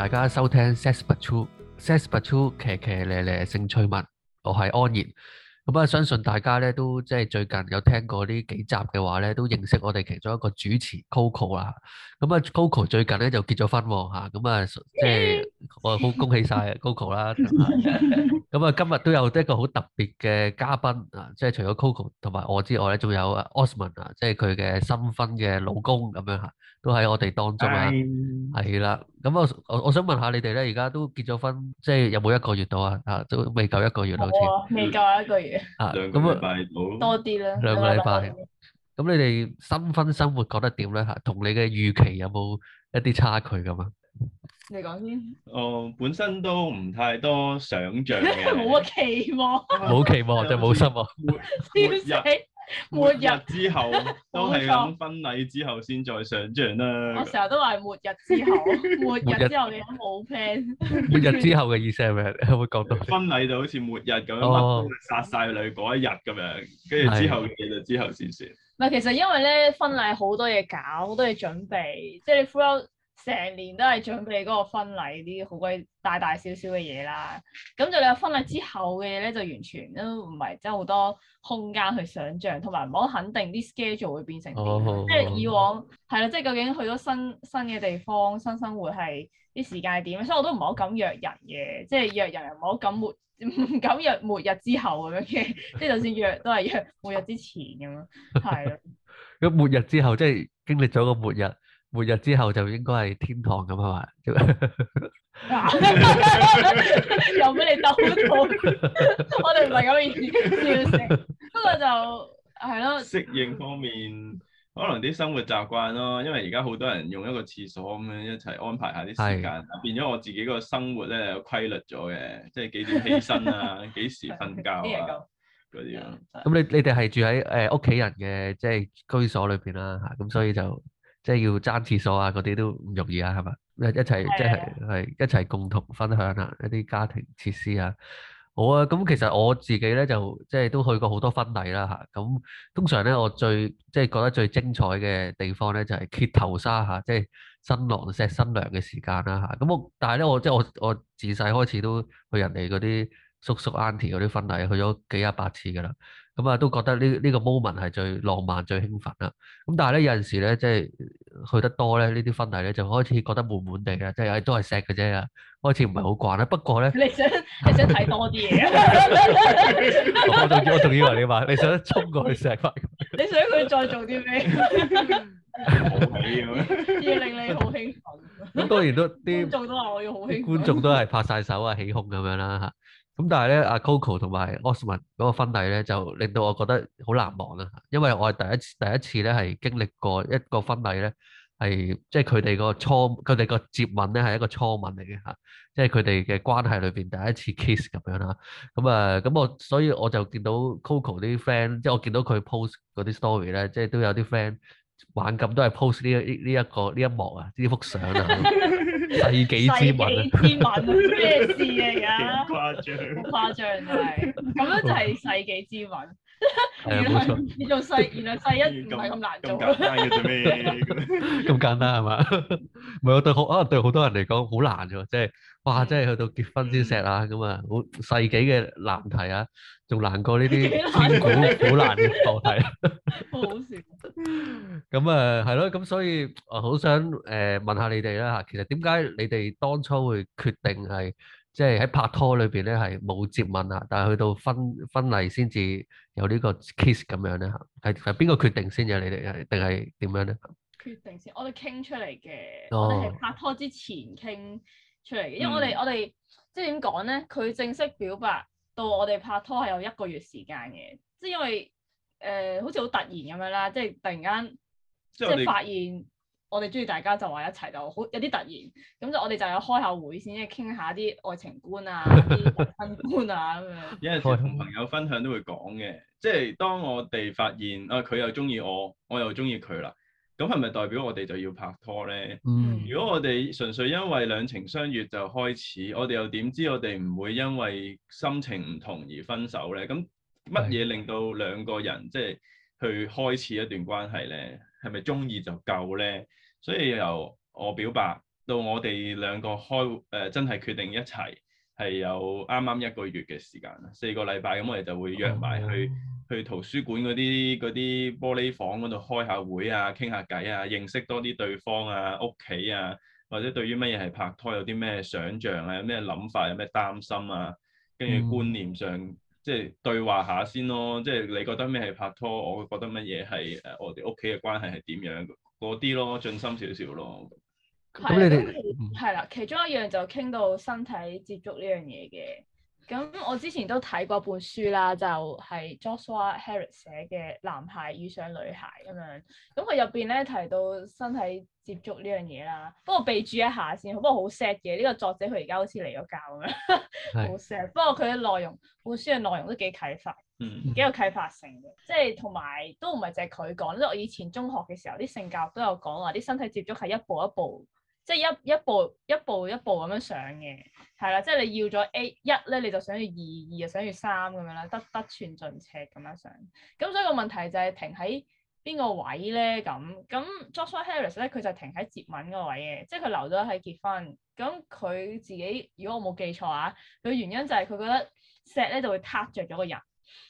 大家收聽 sex but true，sex but true，騎騎咧咧性趣物，我係安然咁啊。相信大家咧都即係最近有聽過呢幾集嘅話咧，都認識我哋其中一個主持 Coco 啦。咁啊，Coco 最近咧就結咗婚喎吓，咁啊即係。我好恭喜晒 Coco 啦，咁 啊今日都有一個好特別嘅嘉賓啊，即係除咗 Coco 同埋我之外咧，仲有 Osman 啊，即係佢嘅新婚嘅老公咁樣吓，都喺我哋當中啊，係啦唉，咁我我，我想問下你哋咧，而家都結咗婚，即係有冇一個月到啊？啊都未夠一個月，好似、哦、未夠一個月啊，兩、嗯、個多啲啦，兩個禮拜，咁你哋新婚生活覺得點咧？吓，同你嘅預期有冇一啲差距咁啊？你講先。我、哦、本身都唔太多想象，冇乜期望，冇期望就冇失望。消失。末日， 日之後都係講婚禮之後先再想象啦。 我成日都話末日之後，末日之後你嘢，冇 plan 末日之後嘅意思係咪？會覺得婚禮就好似末日咁樣殺晒女嗰一日咁樣，跟住、哦、之後嘅嘢就之後先算。唔係、哎，其實因為咧婚禮好多嘢搞，好多嘢準備，即係 f 成年都係準備嗰個婚禮啲好鬼大大小小嘅嘢啦，咁就你個婚禮之後嘅嘢咧就完全都唔係，真係好多空間去想像，同埋唔好肯定啲 schedule 會變成點，即係、哦、以往係啦，即係、哦、究竟去咗新新嘅地方，新生活係啲時間係點？所以我都唔好敢約人嘅，即、就、係、是、約人唔好咁末，唔敢約末日之後咁樣嘅，即 係就算約都係約末日之前咁樣，係咯。咁 末日之後即係經歷咗個末日。末日之後就應該係天堂咁係嘛？又俾你逗笑，我哋唔係咁易笑死。不過就係咯，適應方面可能啲生活習慣咯，因為而家好多人用一個廁所咁樣一齊安排下啲時間，變咗我自己個生活咧有規律咗嘅，即係幾點起身啊，幾時瞓覺啊，嗰啲樣。咁你你哋係住喺誒屋企人嘅即係居所裏邊啦吓，咁所以就。即係要爭廁所啊！嗰啲都唔容易啊，係嘛？一、 就是、一齊即係係一齊共同分享啊！一啲家庭設施啊，好啊！咁、嗯、其實我自己咧就即係都去過好多婚禮啦嚇。咁、啊嗯、通常咧我最即係覺得最精彩嘅地方咧就係、是、揭頭沙嚇、啊，即係新郎錫新娘嘅時間啦嚇。咁、啊嗯、我但係咧我即係我我自細開始都去人哋嗰啲叔叔 uncle 嗰啲婚禮，去咗幾廿百八次噶啦。咁啊，都覺得呢呢個 moment 係最浪漫、最興奮啦。咁但係咧，有陣時咧，即係去得多咧，呢啲婚禮咧，就開始覺得悶悶地啊，即係都係錫嘅啫，開始唔係好慣啦。不過咧，你想你想睇多啲嘢啊！我仲我仲以為你話你想衝過去錫番，你想佢再做啲咩？冇嘢啊！要令你好興奮。當然都啲觀眾都話我要好興，觀眾都係拍晒手啊、起鬨咁樣啦嚇。咁但係咧，阿 Coco 同埋 Osman 嗰個婚禮咧，就令到我覺得好難忘啊！因為我係第一次，第一次咧係經歷過一個婚禮咧，係即係佢哋個初，佢哋個接吻咧係一個初吻嚟嘅吓，即係佢哋嘅關係裏邊第一次 kiss 咁樣啦。咁、嗯、啊，咁我所以我就見到 Coco 啲 friend，即係、就是、我見到佢 post 嗰啲 story 咧，即、就、係、是、都有啲 friend 玩咁都係 post 呢一呢一個呢一幕啊，呢幅相啊。 世紀之吻，咩 事嚟啊？好誇張，好誇張係，咁樣就係世紀之吻。係啊，冇錯，你做細，原來細一唔係咁難做，咁 簡單要做咩？咁簡單係嘛？唔 係我對好，啊對好多人嚟講好難嘅，即係哇，即係去到結婚先錫啊，咁啊，好世紀嘅難題啊，仲難過呢啲千古苦 難嘅問題。好笑。咁啊，係咯，咁所以我好想誒問下你哋啦吓，其實點解你哋當初會決定係？即係喺拍拖裏邊咧係冇接吻啊，但係去到婚婚禮先至有個 case 呢個 kiss 咁樣咧吓，係係邊個決定先嘅、啊、你哋，定係點樣咧？決定先，我哋傾出嚟嘅，哦、我哋係拍拖之前傾出嚟嘅，因為我哋、嗯、我哋即係點講咧，佢正式表白到我哋拍拖係有一個月時間嘅，即係因為誒、呃、好似好突然咁樣啦，即係突然間即係發現。我哋中意大家就話一齊就好，有啲突然咁就我哋就有開下會先，即傾下啲愛情觀啊、啲婚 觀啊咁樣。有陣時同朋友分享都會講嘅，即係當我哋發現啊，佢又中意我，我又中意佢啦，咁係咪代表我哋就要拍拖咧？ 如果我哋純粹因為兩情相悅就開始，我哋又點知我哋唔會因為心情唔同而分手咧？咁乜嘢令到兩個人即係去開始一段關係咧？係咪中意就夠呢？所以由我表白到我哋兩個開誒、呃、真係決定一齊，係有啱啱一個月嘅時間啦，四個禮拜咁，我哋就會約埋去、嗯、去圖書館嗰啲嗰啲玻璃房嗰度開下會啊，傾下偈啊，認識多啲對方啊，屋企啊，或者對於乜嘢係拍拖有啲咩想像啊，有咩諗法、啊，有咩擔心啊，跟住觀念上。嗯即係對話下先咯，即係你覺得咩係拍拖，我覺得乜嘢係誒，我哋屋企嘅關係係點樣嗰啲咯，進心少少咯。咁一天你哋一 多 connectors、啊、係啦、啊，其中一樣就傾到身體接觸呢樣嘢嘅。咁我之前都睇過本書啦，就係、是、Joshua Harris 寫嘅《男孩遇上女孩》咁樣。咁佢入邊咧提到身體接觸呢樣嘢啦，不過備注一下先，不過好 sad 嘅，呢、這個作者佢而家好似離咗教咁樣，好 很 sad 是。不過佢嘅內容本書嘅內容都幾啟發，幾有啟發性嘅。即係同埋都唔係淨係佢講，因為我以前中學嘅時候啲性教育都有講話啲身體接觸係一步一步。即係一一步，一步一步一步咁樣上嘅，係啦，即係你要咗 A 一咧，你就想要二，二就想要三咁樣啦，得得寸進尺咁樣上。咁所以個問題就係停喺邊個位咧？咁咁 Joshua Harris 咧，佢就停喺接吻嗰個位嘅，即係佢留咗喺結婚。咁佢自己，如果我冇記錯啊，佢原因就係佢覺得錫咧就會撻着咗個人。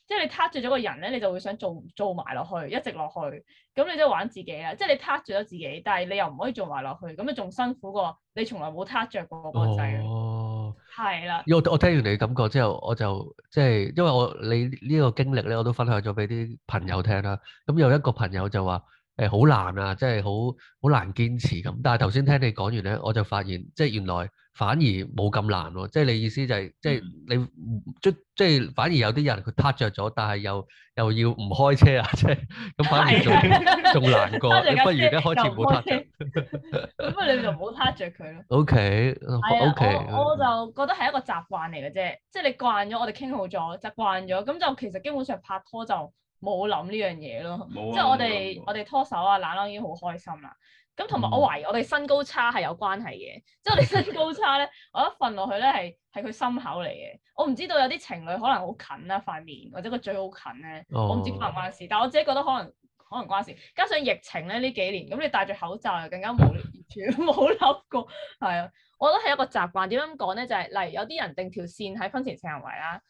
即係你撻住咗個人咧，你就會想做做埋落去，一直落去，咁你都玩自己啦。即係你撻住咗自己，但係你又唔可以做埋落去，咁你仲辛苦過你從來冇撻住過嗰個掣。係啦、哦。我的我聽完你感覺之後，我就即係、就是、因為我你呢個經歷咧，我都分享咗俾啲朋友聽啦。咁、嗯、有一個朋友就話誒好難啊，即係好好難堅持咁。但係頭先聽你講完咧，我就發現即係、就是、原來。反而冇咁難喎、哦，即係你意思就係、是，即係你、嗯、即即係反而有啲人佢撻着咗，但係又又要唔開車啊，即係咁反而仲仲 難過。車車你不如而家開始唔好撻着。咁咪 你就唔好撻着佢咯。O K，O K，我就覺得係一個習慣嚟嘅啫，即、就、係、是、你慣咗，我哋傾好咗，習慣咗，咁就其實基本上拍拖就冇諗呢樣嘢咯。即係我哋我哋拖手啊、懶咯已經好開心啦。咁同埋我懷疑我哋身高差係有關係嘅，即、就、係、是、我哋身高差咧， 我覺得瞓落去咧係係佢心口嚟嘅。我唔知道有啲情侶可能近、啊、好近啦、啊，塊面或者個嘴好近咧，我唔知關唔關事，但係我自己覺得可能可能關事。加上疫情咧呢幾年，咁你戴住口罩又更加冇完全冇笠過，係啊！我覺得係一個習慣。點樣講咧？就係、是、例如有啲人定條線喺婚前性行為啦，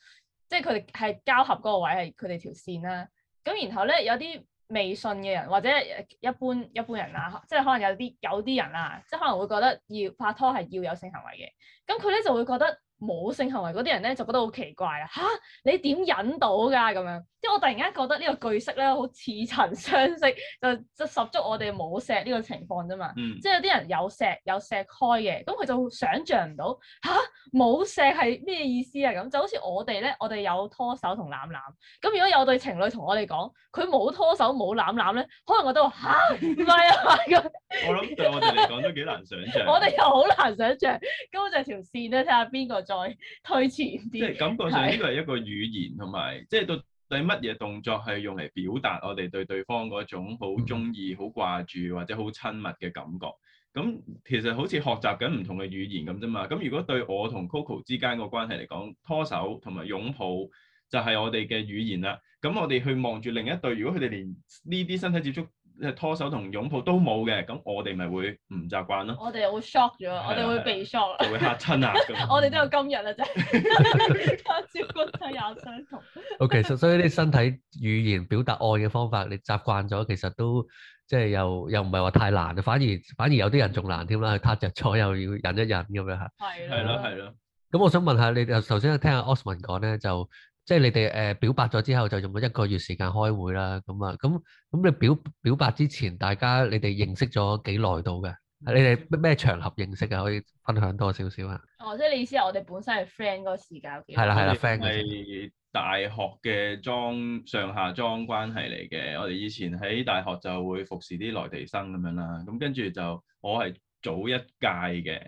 即係佢哋係交合嗰個位係佢哋條線啦。咁然後咧有啲。微信嘅人或者一般一般人啊，即係可能有啲有啲人啊，即係可能會覺得要拍拖係要有性行為嘅，咁佢咧就會覺得。冇性行為嗰啲人咧就覺得好奇怪啊，嚇你點忍到㗎咁樣。即係我突然間覺得呢個句式咧好似曾相識，就就十足我哋冇錫呢個情況啫嘛，嗯、即係有啲人有錫有錫開嘅，咁佢就想象唔到嚇，冇錫係咩意思啊，咁就好似我哋咧，我哋有拖手同攬攬，咁如果有對情侶同我哋講佢冇拖手冇攬攬咧，可能我都話吓，唔係啊， 我諗對我哋嚟講都幾難想像，我哋又好難想像，根本就係條線咧睇下邊個。看看再推遲啲，即係感覺上呢個係一個語言同埋是，即係到底乜嘢動作係用嚟表達我哋對對方嗰種好鍾意、好、嗯、掛住或者好親密嘅感覺。咁其實好似學習緊唔同嘅語言咁啫嘛。咁如果對我同 Coco 之間個關係嚟講，拖手同埋擁抱就係我哋嘅語言啦。咁我哋去望住另一對，如果佢哋連呢啲身體接觸，即係拖手同擁抱都冇嘅，咁我哋咪會唔習慣咯？我哋會 shock 咗，我哋會被 shock 啦，會嚇親啊！我哋都有今日啦，真係。哈哈哈哈哈！朝君太眼相同。O.K.，所以啲身體語言表達愛嘅方法，你習慣咗，其實都即係又又唔係話太難，反而反而有啲人仲難添啦，佢攤隻坐又要忍一忍咁樣吓。係。係咯係咯，咁我想問下你頭頭先聽阿 Osman 講咧就。即係你哋誒表白咗之後，就用咗一個月時間開會啦。咁啊，咁咁你表表白之前，大家你哋認識咗幾耐到嘅？你哋咩咩場合認識嘅？可以分享多少少啊？哦，即係你意思係我哋本身係 friend 嗰個時間係啦係啦，friend 係大學嘅莊，上下莊關係嚟嘅。我哋以前喺大學就會服侍啲內地生咁樣啦。咁跟住就我係早一屆嘅，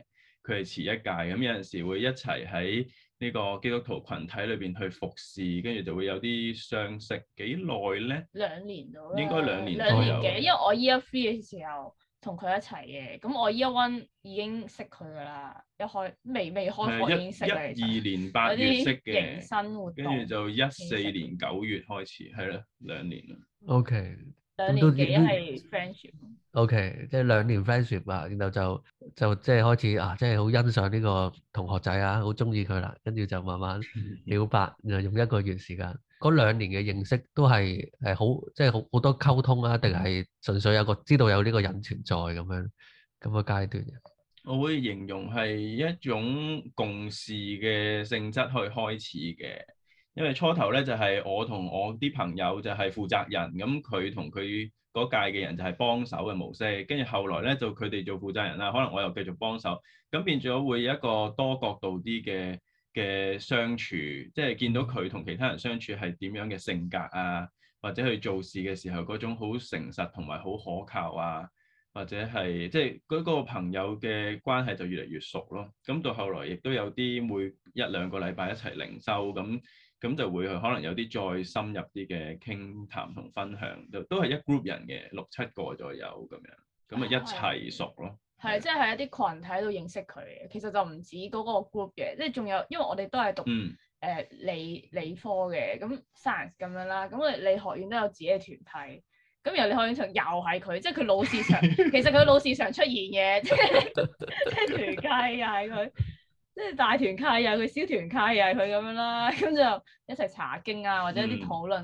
佢係遲一屆。咁有陣時會一齊喺。呢個基督徒群體裏邊去服侍，跟住就會有啲相識。幾耐咧？兩年到，應該兩年，年多。兩年幾？因為我 year three 嘅時候同佢一齊嘅，咁我 year one 已經識佢噶啦，一開未未開課的已經識佢。一、二說年八月識嘅，跟住就一四年九月開始，係咯生，兩年啦。OK。兩年幾係 friendship？O.K.、Okay, 即係兩年 friendship 啊，然後就就即係開始啊，即係好欣賞呢個同學仔啊，好鍾意佢啦，跟住就慢慢表白，嗯、然後用一個月時間。嗰兩年嘅認識都係係好即係好好多溝通啊，定係純粹有個知道有呢個人存在咁樣咁嘅階段？我會形容係一種共事嘅性質去開始嘅。因為初頭呢，就係、是、我同我啲朋友就係負責人，咁佢同佢嗰屆嘅人就係幫手嘅模式。跟住後來呢，就佢哋做負責人啦，可能我又繼續幫手，咁變咗會有一個多角度啲嘅嘅相處，即係見到佢同其他人相處係點樣嘅性格啊，或者佢做事嘅時候嗰種好誠實同埋好可靠啊，或者係即係嗰個朋友嘅關係就越嚟越熟咯。咁到後來亦都有啲每一兩個禮拜一齊零收咁。咁就會可能有啲再深入啲嘅傾談同分享，都都係一 group 人嘅，六七個左右咁樣，咁啊一齊熟咯。係，即係喺一啲群體度認識佢嘅，其實就唔止嗰個 group 嘅，即係仲有，因為我哋都係讀誒、嗯呃、理理科嘅，咁 science 咁樣啦，咁我哋理學院都有自己嘅團體，咁由後理學院長又係佢，即係佢老是常，其實佢老是常出現嘅，即係傾團計又係佢。 即係大團契又係佢，小團契又係佢咁樣啦，跟住就一齊查經啊，或者啲討論，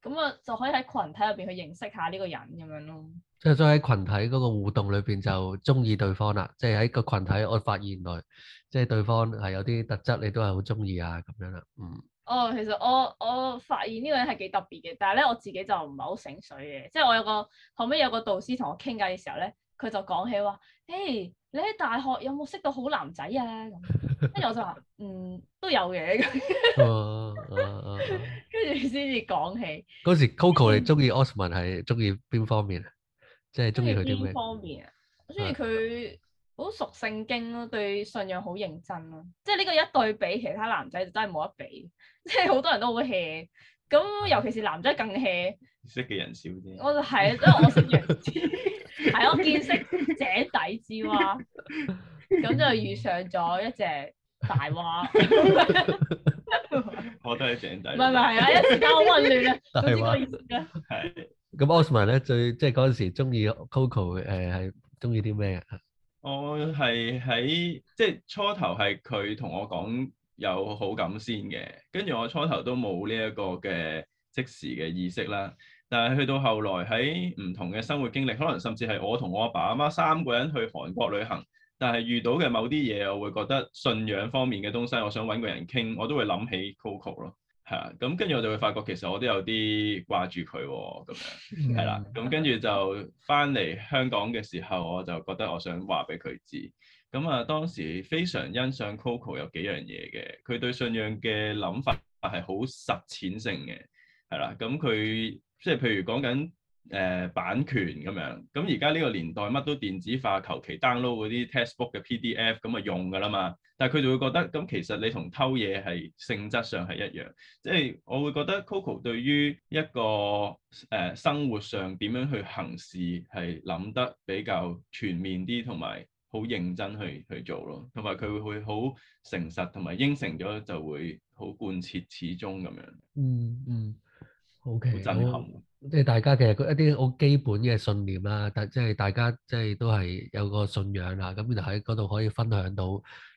咁啊、嗯、就可以喺群體入邊去認識下呢個人咁樣咯。即係在喺群體嗰個互動裏邊就中意對方啦，即係喺個群體我發現原來，即係對方係有啲特質你都係好中意啊咁樣啦。嗯。哦，其實我我發現呢個人係幾特別嘅，但係咧我自己就唔係好醒水嘅，即係我有個後尾有個導師同我傾偈嘅時候咧。佢就講起話，誒、hey，你喺大學有冇識到好男仔啊？咁，跟住我就話， 嗯，都有嘅。咁 啊，跟住先至講起。嗰時 Coco 你中意 Osman 係中意邊方面啊？即係中意佢啲咩？邊方面啊？中意佢好熟聖經咯，對信仰好認真咯、啊。即係呢個一對比，其他男仔就真係冇得比。即係好多人都好 h 咁、嗯、尤其是男仔更 hea，識嘅人少啲。我就係，因為我識人，係我見識井底之蛙，咁就遇上咗一隻大蛙。我都係井底唔係唔係，係啊！一時間好混亂啊。係。 咁 Osman 咧最即係嗰陣時鍾意 Coco 誒、呃、係鍾意啲咩啊？我係喺即係初頭係佢同我講，有好感先嘅，跟住我初頭都冇呢一個嘅即時嘅意識啦。但係去到後來喺唔同嘅生活經歷，可能甚至係我同我阿爸阿媽三個人去韓國旅行，但係遇到嘅某啲嘢，我會覺得信仰方面嘅東西，我想揾個人傾，我都會諗起 Coco 咯，係、嗯、啊。咁跟住我就會發覺其實我都有啲掛住佢咁樣，係啦。咁跟住就翻嚟香港嘅時候，我就覺得我想話俾佢知。咁啊，當時非常欣賞 Coco 有幾樣嘢嘅，佢對信仰嘅諗法係好實踐性嘅，係啦。咁佢即係譬如講緊誒版權咁樣，咁而家呢個年代乜都電子化，求其 download 嗰啲 textbook 嘅 PDF 咁啊用㗎啦嘛。但係佢就會覺得，咁其實你同偷嘢係性質上係一樣，即係我會覺得 Coco 對於一個誒生活上點樣去行事係諗得比較全面啲同埋。好認真去去做咯，同埋佢會會好誠實，同埋應承咗就會好貫徹始終咁樣、嗯。嗯嗯，O K。Okay，好震撼。即係大家其實一啲好基本嘅信念啦，但即係大家即係都係有個信仰啦，咁就喺嗰度可以分享到，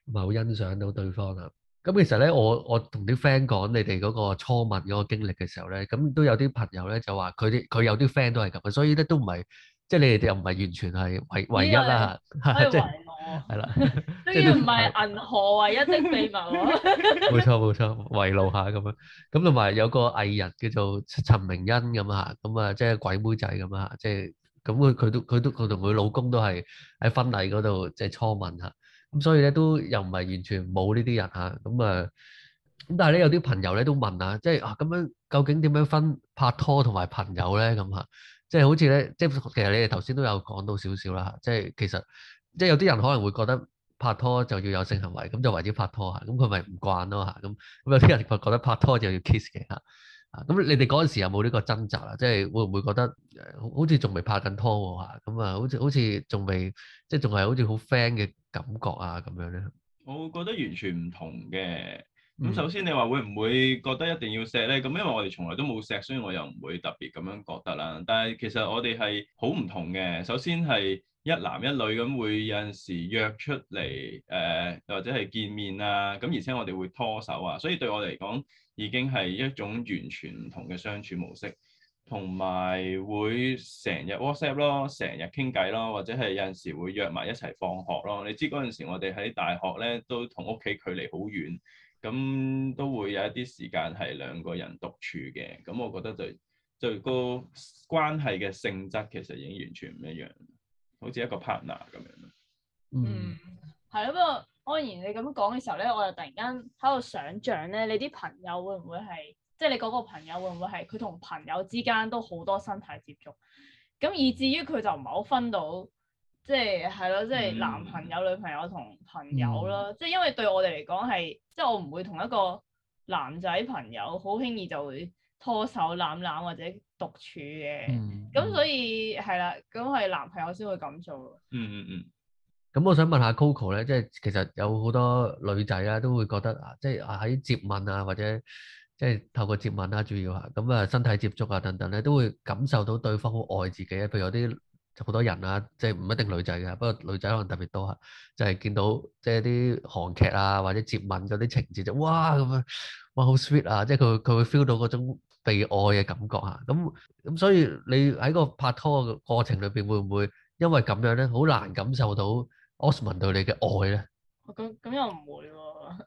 同好欣賞到對方啦。咁其實咧，我我同啲 friend 講你哋嗰個初吻嗰個經歷嘅時候咧，咁都有啲朋友咧就話佢啲佢有啲 friend 都係咁，所以咧都唔係。即係你哋又唔係完全係唯唯一啦，係啦， 即係唔係銀河唯一的秘密啊？冇錯冇錯，遺露下咁樣，咁同埋有個藝人叫做陳明恩咁吓，咁啊即係鬼妹仔咁啊，即係咁佢佢都佢都佢同佢老公都係喺婚禮嗰度即係初吻吓，咁所以咧都又唔係完全冇呢啲人吓，咁啊咁但係咧有啲朋友咧都問啊，即係啊咁樣究竟點樣分拍拖同埋朋友咧咁吓？即係好似咧，即係其實你哋頭先都有講到少少啦，即係其實即係有啲人可能會覺得拍拖就要有性行為，咁就為之拍拖嚇，咁佢咪唔慣咯嚇，咁咁有啲人覺得拍拖就要 kiss 嘅嚇，啊咁你哋嗰陣時有冇呢個掙扎啊？即係會唔會覺得好似仲未拍緊拖喎嚇？咁啊，好似好似仲未即係仲係好似好 friend 嘅感覺啊咁樣咧？我覺得完全唔同嘅。咁、嗯、首先你話會唔會覺得一定要錫咧？咁因為我哋從來都冇錫，所以我又唔會特別咁樣覺得啦。但係其實我哋係好唔同嘅。首先係一男一女咁會有陣時約出嚟誒、呃，或者係見面啊。咁而且我哋會拖手啊，所以對我嚟講已經係一種完全唔同嘅相處模式。同埋會成日 WhatsApp 咯，成日傾偈咯，或者係有陣時會約埋一齊放學咯。你知嗰陣時我哋喺大學咧都同屋企距離好遠。咁都會有一啲時間係兩個人獨處嘅，咁我覺得最最高關係嘅性質其實已經完全唔一樣，好似一個 partner 咁樣，嗯，係咯，不 過、嗯、安然你咁講嘅時候咧，我就突然間喺度想像咧，你啲朋友會唔會係，即、就、係、是、你嗰個朋友會唔會係佢同朋友之間都好多身體接觸，咁以至於佢就唔係好分到。即係係咯，即係男朋友、嗯、女朋友同朋友咯。嗯、即係因為對我哋嚟講係，即係、嗯、我唔會同一個男仔朋友好輕易就會拖手攬攬或者獨處嘅。咁、嗯、所以係啦，咁係、嗯、男朋友先會咁做，嗯。嗯嗯嗯。咁我想問下 Coco 咧，即係其實有好多女仔啊都會覺得啊，即係喺接吻啊或者即係透過接吻啊，主要吓咁啊身體接觸啊等等咧，都會感受到對方好愛自己啊。譬如有啲。就好多人啊，即係唔一定女仔嘅，不過女仔可能特別多吓，就係見到即係啲韓劇啊或者接吻嗰啲情節，就哇咁樣，哇好 sweet 啊，即係佢佢會 feel 到嗰種被愛嘅感覺吓，咁咁所以你喺個拍拖嘅過程裏邊會唔會因為咁樣咧，好難感受到 Osman 對你嘅愛咧？咁咁又唔會喎、啊，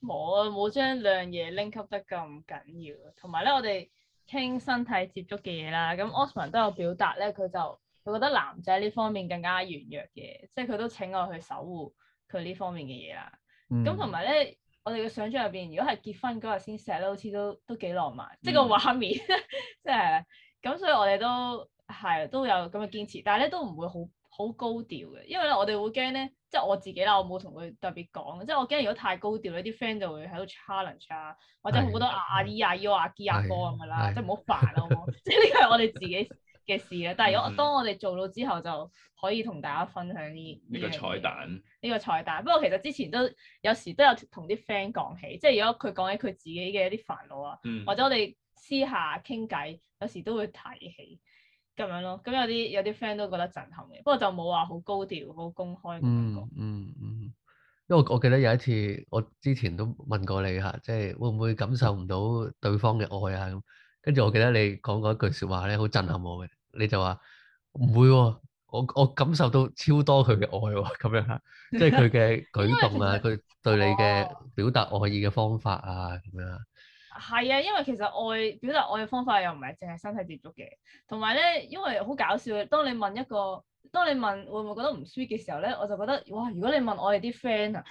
冇啊冇將兩嘢拎級得咁緊要，同埋咧我哋傾身體接觸嘅嘢啦，咁 Osman 都有表達咧，佢就。我覺得男仔呢方面更加軟弱嘅，即係佢都請我去守護佢呢方面嘅嘢啦。咁同埋咧，我哋嘅想象入邊，如果係結婚嗰日先錫咧，好似都都幾浪漫，即係個畫面，即係咁。所以我哋都係都有咁嘅堅持，但係咧都唔會好好高調嘅，因為咧我哋會驚咧，即係我自己啦，我冇同佢特別講，即係我驚如果太高調，呢啲 friend 就會喺度 challenge 啊，或者好多阿姨、阿 U 阿阿哥咁嘅啦，即係唔好煩啊，即係呢個係我哋自己嘅事啊，但係如果當我哋做到之後，嗯、就可以同大家分享啲呢個彩蛋。呢個彩蛋，不過其實之前都有時都有同啲 friend 講起，即係如果佢講起佢自己嘅一啲煩惱啊，嗯、或者我哋私下傾偈，有時都會提起咁樣咯。咁有啲有啲 friend 都覺得震撼嘅，不過就冇話好高調、好公開咁樣講。嗯嗯，因為我記得有一次我之前都問過你吓，即係會唔會感受唔到對方嘅愛啊？咁跟住我記得你講過一句説話咧，好震撼我嘅。你就話唔會喎，我我感受到超多佢嘅愛喎。哦，咁樣吓，即係佢嘅舉動啊，佢 對你嘅表達愛意嘅方法啊，咁樣。係啊，因為其實愛表達愛嘅方法又唔係淨係身體接觸嘅，同埋咧，因為好搞笑嘅，當你問一個。當你問會唔會覺得唔 sweet 嘅時候咧，我就覺得哇！如果你問我哋啲 friend 啊，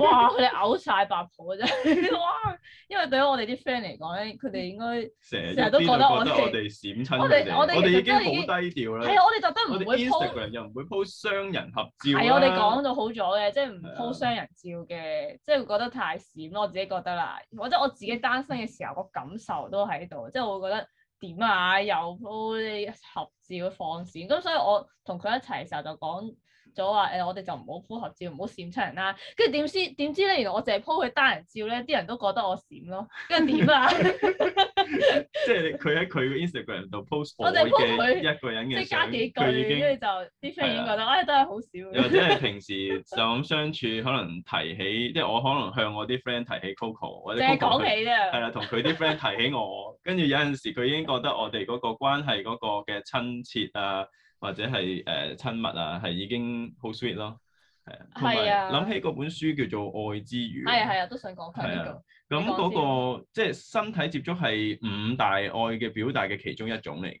哇佢哋嘔晒白泡啫，哇！因為對於我哋啲 friend 嚟講咧，佢哋應該成日、嗯、都覺得我哋閃我哋我哋已經好低調啦。係啊，我哋覺得唔會 po 又唔會 po 雙人合照。係啊，我哋講到好咗嘅，即係唔 po 雙人照嘅，即係會覺得太閃咯。我自己覺得啦，或者我自己單身嘅時候，個感受都喺度，即、就、係、是、我會覺得。點啊？又 po 啲合照放閃，咁所以我同佢一齊時候就講。咗話誒，我哋就唔好 po 合照，唔好閃出嚟啦。跟住點先？點知咧，原來我淨係 po 佢單人照咧，啲人都覺得我閃咯。跟住點啊？即係佢喺佢個 Instagram 度 post 我哋 po 佢一個人嘅，即係加幾句，跟住就啲 friend 覺得唉，都係好少。又或者係平時就咁相處，可能提起，即係我可能向我啲 friend 提起 Coco，或者係講起啊，係啦，同佢啲 friend 提起我，跟住有陣時佢已經覺得我哋嗰個關係嗰個嘅親切誒。或者係誒、呃、親密啊，係已經好 sweet 咯，係啊。係啊。諗起嗰本書叫做《愛之語》。係啊係啊，都想講翻呢個。咁嗰個即係身體接觸係五大愛嘅表達嘅其中一種嚟嘅。係。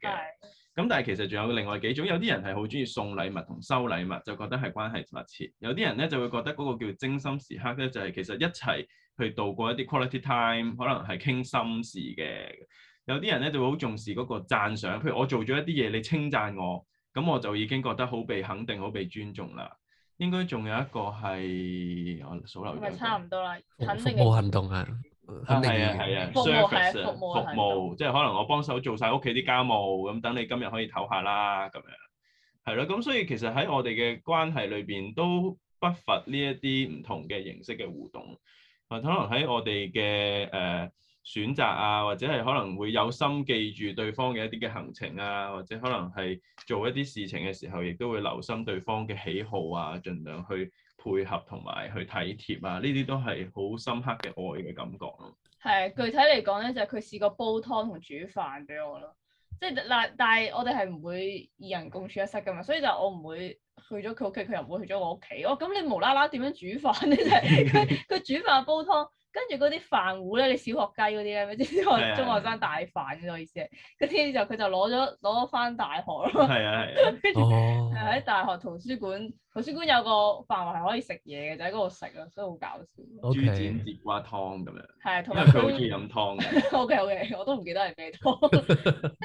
咁、啊、但係其實仲有另外幾種，有啲人係好中意送禮物同收禮物，就覺得係關係密切。有啲人咧就會覺得嗰個叫精心時刻咧，就係、是、其實一齊去度過一啲 quality time，可能係傾心事嘅。有啲人咧就會好重視嗰個讚賞，譬如我做咗一啲嘢，你稱讚我。咁我就已經覺得好被肯定、好被尊重啦。應該仲有一個係我數流，唔係差唔多啦。肯定服務行動係、啊，係啊係啊，Service 服務即係可能我幫手做晒屋企啲家務，咁等你今日可以唞下啦咁樣。係咯，咁所以其實喺我哋嘅關係裏邊都不乏呢一啲唔同嘅形式嘅互動。啊，可能喺我哋嘅誒。呃選擇啊，或者係可能會有心記住對方嘅一啲嘅行程啊，或者可能係做一啲事情嘅時候，亦都會留心對方嘅喜好啊，盡量去配合同埋去體貼啊，呢啲都係好深刻嘅愛嘅感覺咯。係，具體嚟講咧，就係、是、佢試過煲湯同煮飯俾我咯，即係嗱，但係我哋係唔會二人共處一室噶嘛，所以就我唔會去咗佢屋企，佢又唔會去咗我屋企。哦，咁你無啦啦點樣煮飯咧？佢 佢煮飯煲湯。 跟住嗰啲飯壺咧，你小學雞嗰啲咧，即係中學生大飯嗰個意思。嗰啲就佢就攞咗攞咗翻大學咯。係啊，跟住係喺大學圖書館。圖書館有個範圍係可以食嘢嘅，就喺嗰度食咯，所以好搞笑。豬展節瓜湯咁樣。係啊，同埋佢好中意飲湯嘅。O K O K，我都唔記得係咩湯。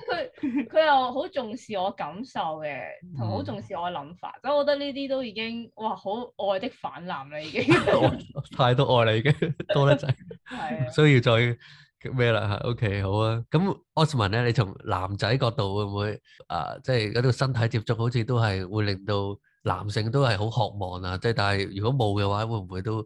佢佢 又好重視我感受嘅，同好重視我嘅諗法，所以、mm. 我覺得呢啲都已經哇好愛的泛濫啦，已經。 太多愛喇已經，多得滯。係。唔需要再咩啦嚇？O K 好啊。咁 Osman 呢？你從男仔角度會唔會啊？即係嗰個身體接觸好似都係會令到。男性都係好渴望啊，即係但係如果冇嘅話，會唔會都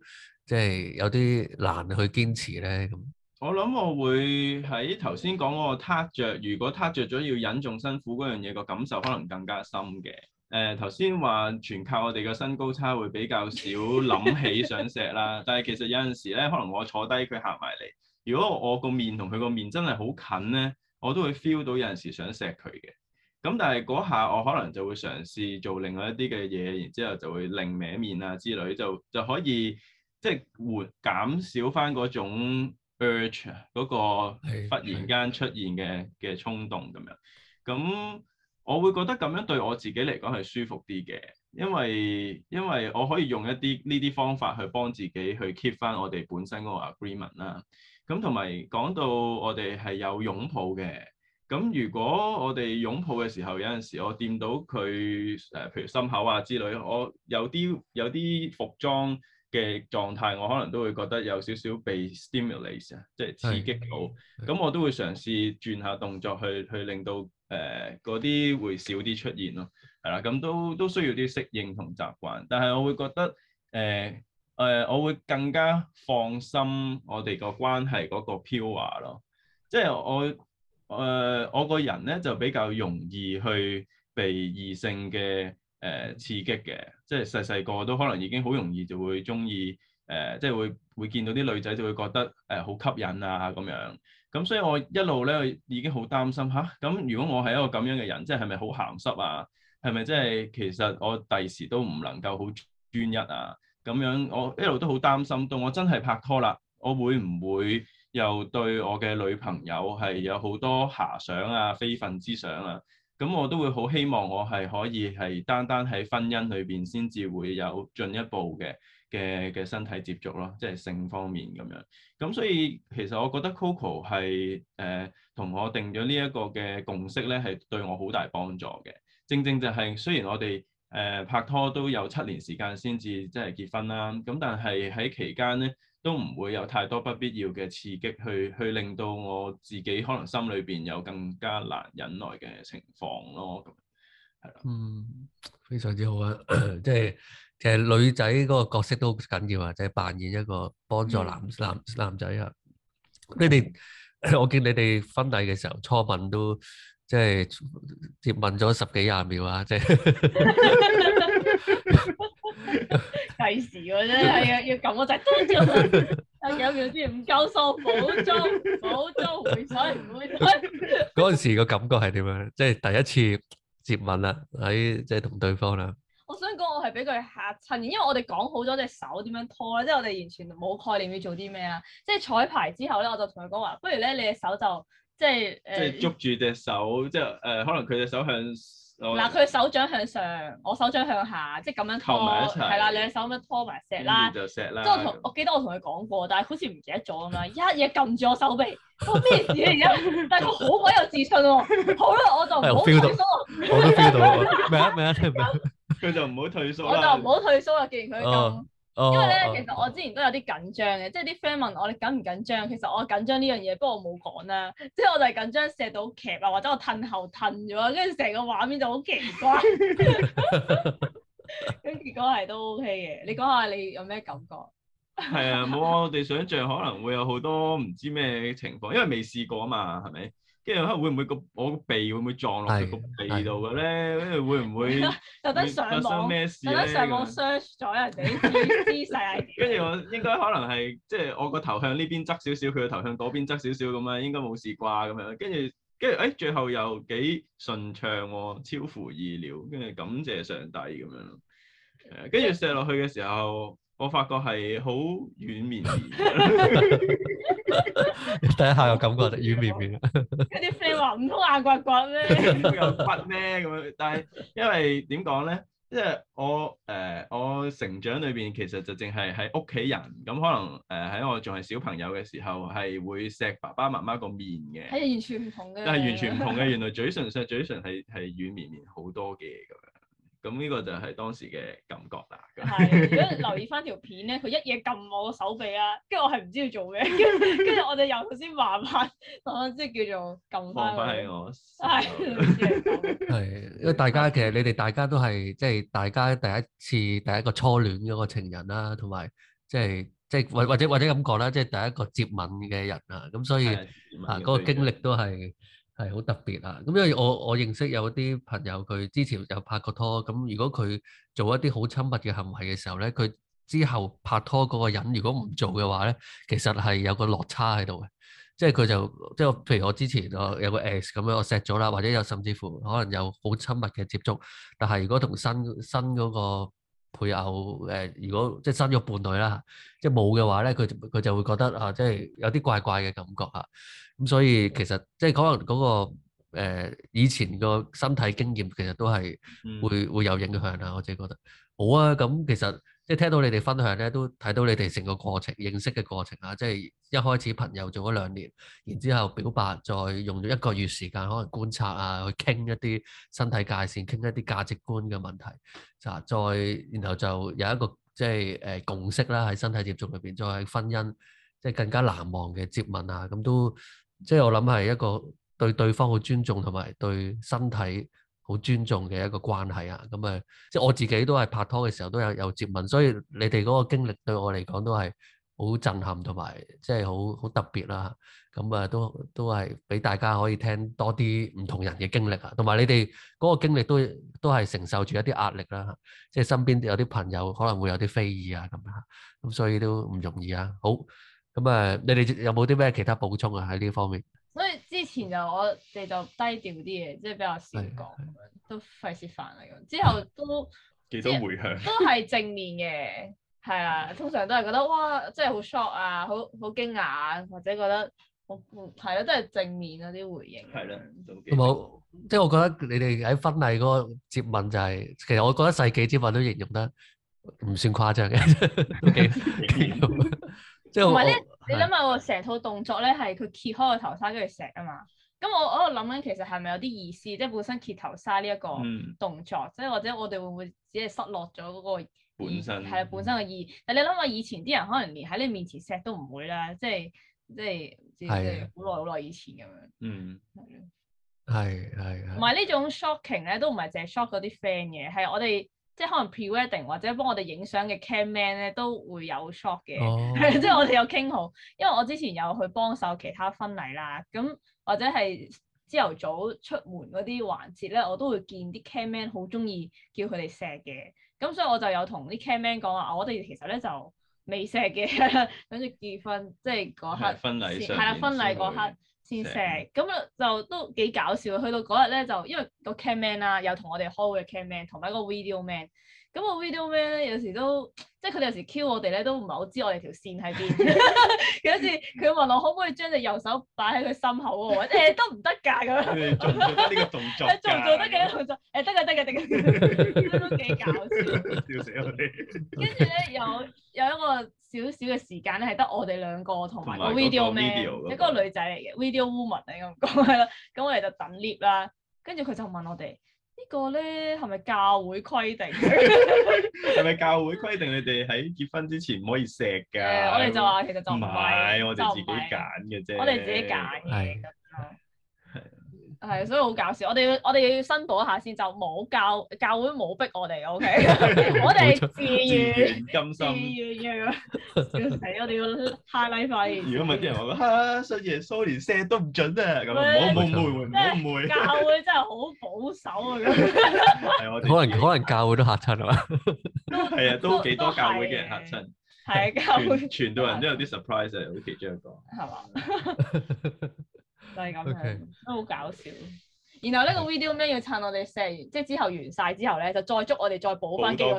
即係、就是、有啲難去堅持咧？咁我諗我會喺頭先講嗰個撻着，如果撻着咗要忍重辛苦嗰樣嘢，個感受可能更加深嘅。誒頭先話全靠我哋嘅身高差會比較少諗起想錫啦， 但係其實有陣時咧，可能我坐低佢行埋嚟，如果我個面同佢個面真係好近咧，我都會 feel 到有陣時想錫佢嘅。咁但係嗰下我可能就會嘗試做另外一啲嘅嘢，然之後就會另孭面啊之類，就就可以即係活減少翻嗰種 urge、呃、嗰個忽然間出現嘅嘅衝動咁樣。咁我會覺得咁樣對我自己嚟講係舒服啲嘅，因為因為我可以用一啲呢啲方法去幫自己去 keep 翻我哋本身嗰個 agreement 啦。咁同埋講到我哋係有擁抱嘅。咁如果我哋擁抱嘅時候，有陣時我掂到佢誒，譬如心口啊之類，我有啲有啲服裝嘅狀態，我可能都會覺得有少少被 stimulate 啊，即係刺激到。咁對我都會嘗試轉下動作去，去去令到誒嗰啲會少啲出現咯。係啦，咁都都需要啲適應同習慣。但係我會覺得誒誒、呃呃，我會更加放心我哋個關係嗰個 pure 咯，即係我。誒、呃、我個人咧就比較容易去被異性嘅誒、呃、刺激嘅，即係細細個都可能已經好容易就會中意誒，即係會會見到啲女仔就會覺得誒好、呃、吸引啊咁樣。咁所以我一路咧已經好擔心吓，咁、啊、如果我係一個咁樣嘅人，即係係咪好鹹濕啊？係咪即係其實我第時都唔能夠好專一啊？咁樣我一路都好擔心，到我真係拍拖啦，我會唔會？又對我嘅女朋友係有好多遐想啊、非分之想啊，咁我都會好希望我係可以係單單喺婚姻裏邊先至會有進一步嘅嘅嘅身體接觸咯，即係性方面咁樣。咁所以其實我覺得 Coco 係誒同我定咗呢一個嘅共識咧，係對我好大幫助嘅。正正就係、是、雖然我哋誒、呃、拍拖都有七年時間先至即係結婚啦，咁但係喺期間咧，都唔會有太多不必要嘅刺激去，去去令到我自己可能心裏邊有更加難忍耐嘅情況咯。咁，係啊，嗯，非常之好啊！ 即係其實女仔嗰個角色都好緊要啊，即、就、係、是、扮演一個幫助男、嗯、男男，男仔啊！你哋我見你哋婚禮嘅時候初吻都即係接吻咗十幾廿秒啊！即係。 費事嘅啫，係啊，要撳我隻鍾啊！啊九秒先唔夠數，補 鐘樂，補鐘回水唔會退。嗰陣時個感覺係點樣咧？即係、就是、第一次接吻啦，喺即係同對方啦。我想講，我係俾佢嚇親，因為我哋講好咗隻手點樣拖咧，即係我哋完全冇概念要做啲咩啊！即係彩排之後咧，我就同佢講話，不如咧你隻手就即係誒。即係捉、呃、住隻手，即係誒，可能佢隻手向。嗱，佢手掌向上，我手掌向下，即係咁樣拖，係啦，兩手咁樣拖埋石啦，即係我同我記得我同佢講過，但係好似唔記得咗咁樣，一嘢撳住我手臂，我咩事啊而家，但係佢好鬼有自信喎，好啦，我就唔好退縮，咩啊咩啊，佢就唔好退縮，我就唔好退縮啦，既然佢咁。因為咧，哦、其實我之前都有啲緊張嘅，哦、即係啲 friend 問我你緊唔緊張？其實我緊張呢樣嘢，不過我冇講啦。即係我就係緊張射到劇啊，或者我褪後褪咗，跟住成個畫面就好奇怪。跟住果係都 OK 嘅，你講下你有咩感覺？係啊，冇啊，我哋想象可能會有好多唔知咩情況，因為未試過啊嘛，係咪？跟住可能會唔會個我個鼻會唔會撞落去個鼻度嘅咧？跟住會唔會有得上網，有得上網 search 咗人哋，姿勢，跟住我應該可能係即係我個頭向呢邊側少少，佢個頭向嗰邊側少少咁啊，應該冇事啩咁樣。跟住跟住誒，最後又幾順暢喎，超乎意料。跟住感謝上帝咁樣。誒，跟住射落去嘅時候，我發覺係好軟綿。 第一下又感覺得軟綿綿， 有啲 friend 話唔通硬刮刮咩，有骨咩咁？ 但係因為點講咧？即係我誒、呃、我成長裏邊其實就淨係喺屋企人咁，可能誒喺、呃、我仲係小朋友嘅時候係會錫爸爸媽媽個面嘅，係完全唔同嘅，但係完全唔同嘅。原來嘴唇錫嘴唇係係軟綿綿好多嘅咁樣。咁呢個就係當時嘅感覺啦。係， 如果留意翻條片咧，佢一嘢撳我個手臂啦，跟住我係唔知要做咩，跟住跟住我哋又頭先慢慢，即係 叫做撳翻。慢我。係。 因為大家 其實你哋大家都係即係大家第一次第一個初戀嗰個情人啦，同埋即係即係或或者或者咁講啦，即係第一個接吻嘅人啊，咁所以 啊嗰個經歷都係。係好特別啊！咁因為我我認識有啲朋友，佢之前有拍過拖。咁如果佢做一啲好親密嘅行為嘅時候咧，佢之後拍拖嗰個人如果唔做嘅話咧，其實係有個落差喺度嘅。即係佢就即係譬如我之前我有個 S 咁樣，我錫咗啦，或者有甚至乎可能有好親密嘅接觸，但係如果同新新嗰個，配偶誒、呃，如果即係生咗伴侶啦，即係冇嘅話咧，佢佢就會覺得啊，即係有啲怪怪嘅感覺吓。咁、啊、所以其實，即係可能嗰、那個、呃、以前個身體經驗其實都係會會有影響啊。我自己覺得好啊。咁其實。即係聽到你哋分享咧，都睇到你哋成個過程認識嘅過程啊！即係一開始朋友做咗兩年，然之後表白，再用咗一個月時間，可能觀察啊，去傾一啲身體界線，傾一啲價值觀嘅問題，啊，再然後就有一個即係誒、呃、共識啦，喺身體接觸入邊，再喺婚姻，即係更加難忘嘅接吻啊！咁都即係我諗係一個對對方好尊重，同埋對身體。好尊重嘅一個關係啊，咁、嗯、啊，即係我自己都係拍拖嘅時候都有有接吻，所以你哋嗰個經歷對我嚟講都係好震撼同埋即係好好特別啦。咁啊，嗯、都都係俾大家可以聽多啲唔同人嘅經歷啊，同埋你哋嗰個經歷都都係承受住一啲壓力啦、啊嗯，即係身邊有啲朋友可能會有啲非議啊咁啊，咁、嗯嗯、所以都唔容易啊。好，咁、嗯、啊，你哋有冇啲咩其他補充啊？喺呢方面？所以之前就我哋就低調啲嘅，即係比較少講，都費事煩啦咁。之後都幾多回響，都係正面嘅，係啊。通常都係覺得哇，即係好 short 啊，好好驚訝，或者覺得好，係咯，都係正面嗰啲回應，係咯。冇，即係我覺得你哋喺婚禮嗰個接吻就係，其實我覺得世紀接吻都形容得唔算誇張嘅，即係你諗下我成套動作咧，係佢揭開個頭紗跟住錫啊嘛，咁我我喺度諗緊其實係咪有啲意思，即係本身揭頭紗呢一個動作，即係、嗯、或者我哋會唔會只係失落咗嗰個本身，係啊本身嘅意義。但你諗下以前啲人可能連喺你面前錫都唔會啦，即係即係即係好耐好耐以前咁樣。嗯，係係的。同埋呢種 shocking 咧都唔係淨係 shock 嗰啲 fan 嘅，係我哋。即係可能 prewedding 或者幫我哋影相嘅 camman 咧都會有 shot 嘅，oh. 即係我哋有傾好，因為我之前有去幫手其他婚禮啦，咁或者係朝頭早出門嗰啲環節咧，我都會見啲 camman 好中意叫佢哋錫嘅，咁所以我就有同啲 camman 講話、啊，我哋其實咧就未錫嘅，等 住結婚即係嗰刻，婚禮上係啦是，婚禮嗰刻。先錫，咁啊就都幾搞笑。去到嗰日咧，就因為個 cam man 啦，又同我哋開會嘅 cam man，同埋一個 video man。咁個 video man 咧有時都，即係佢哋有時 cue 我哋咧都唔係好知我哋條線喺邊。 有時佢問我可唔可以將隻右手擺喺佢心口喎，誒、欸、都唔得㗎咁樣。做做呢個動作。做唔做得嘅動作，誒得㗎得㗎得㗎， 都幾搞笑。笑死我哋。跟住咧有有一個少少嘅時間咧係得我哋兩個同埋個,個 video man，即係嗰個女仔嚟嘅 video woman 你咁講係啦。咁我哋就等 lift 啦。跟住佢就問我哋。個呢個咧係咪教會規定？係 咪 教會規定你哋喺結婚之前唔可以錫㗎？欸，我哋就話其實就唔係，我哋自己揀嘅啫。我哋自己揀嘅。係。係，所以好搞笑。我哋我哋要申報一下先，就冇教教會冇逼我哋，O K。Okay? 我哋自願， 自願自願要。死，我哋要太禮拜。如果唔係啲人話，嚇信耶穌連聲都唔準啊。喂」咁唔好，唔好，唔會。即係教會真係好保守啊！咁，可能可能教會都嚇親啊嘛，都係啊，都幾多教會嘅人嚇親。係啊是全，教會全到人都有啲 surprise 嘅，其中一個係嘛。 就係咁樣，Okay. 都好搞笑。然後呢個 video man 要趁我哋錫完，即係之後完晒之後咧，就再捉我哋再補翻幾個，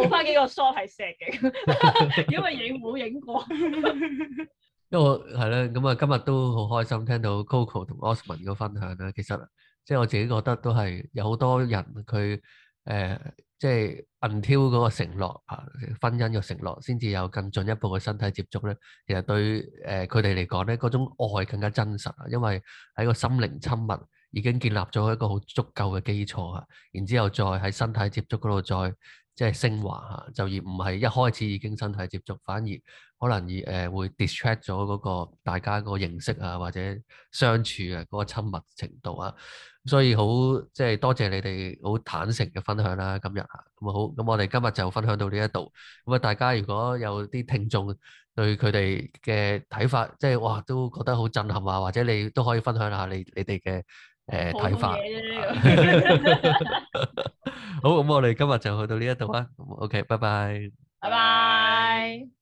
補翻多 幾個 shot 係錫嘅， 因為影冇影過。 因為係咧，咁啊、嗯，今日都好開心聽到 Coco 同 Osman 嘅分享啦。其實即係我自己覺得都係有好多人佢誒。呃即係 until 嗰個承諾啊，婚姻嘅承諾先至有更進一步嘅身體接觸咧。其實對誒佢哋嚟講咧，嗰種愛更加真實啊，因為喺個心靈親密已經建立咗一個好足夠嘅基礎啊。然之後再喺身體接觸嗰度再即係升華嚇，就而唔係一開始已經身體接觸，反而。可能以誒會 distract 咗嗰個大家嗰個認識啊，或者相處啊嗰個親密程度啊，所以好即係多謝你哋好坦誠嘅分享啦、啊，今日咁、嗯、好，咁、嗯、我哋今日就分享到呢一度，咁、嗯、啊大家如果有啲聽眾對佢哋嘅睇法，即係哇都覺得好震撼啊，或者你都可以分享下你你哋嘅誒睇法。好咁、啊， 好我哋今日就去到呢一度啊，OK，拜拜，拜拜。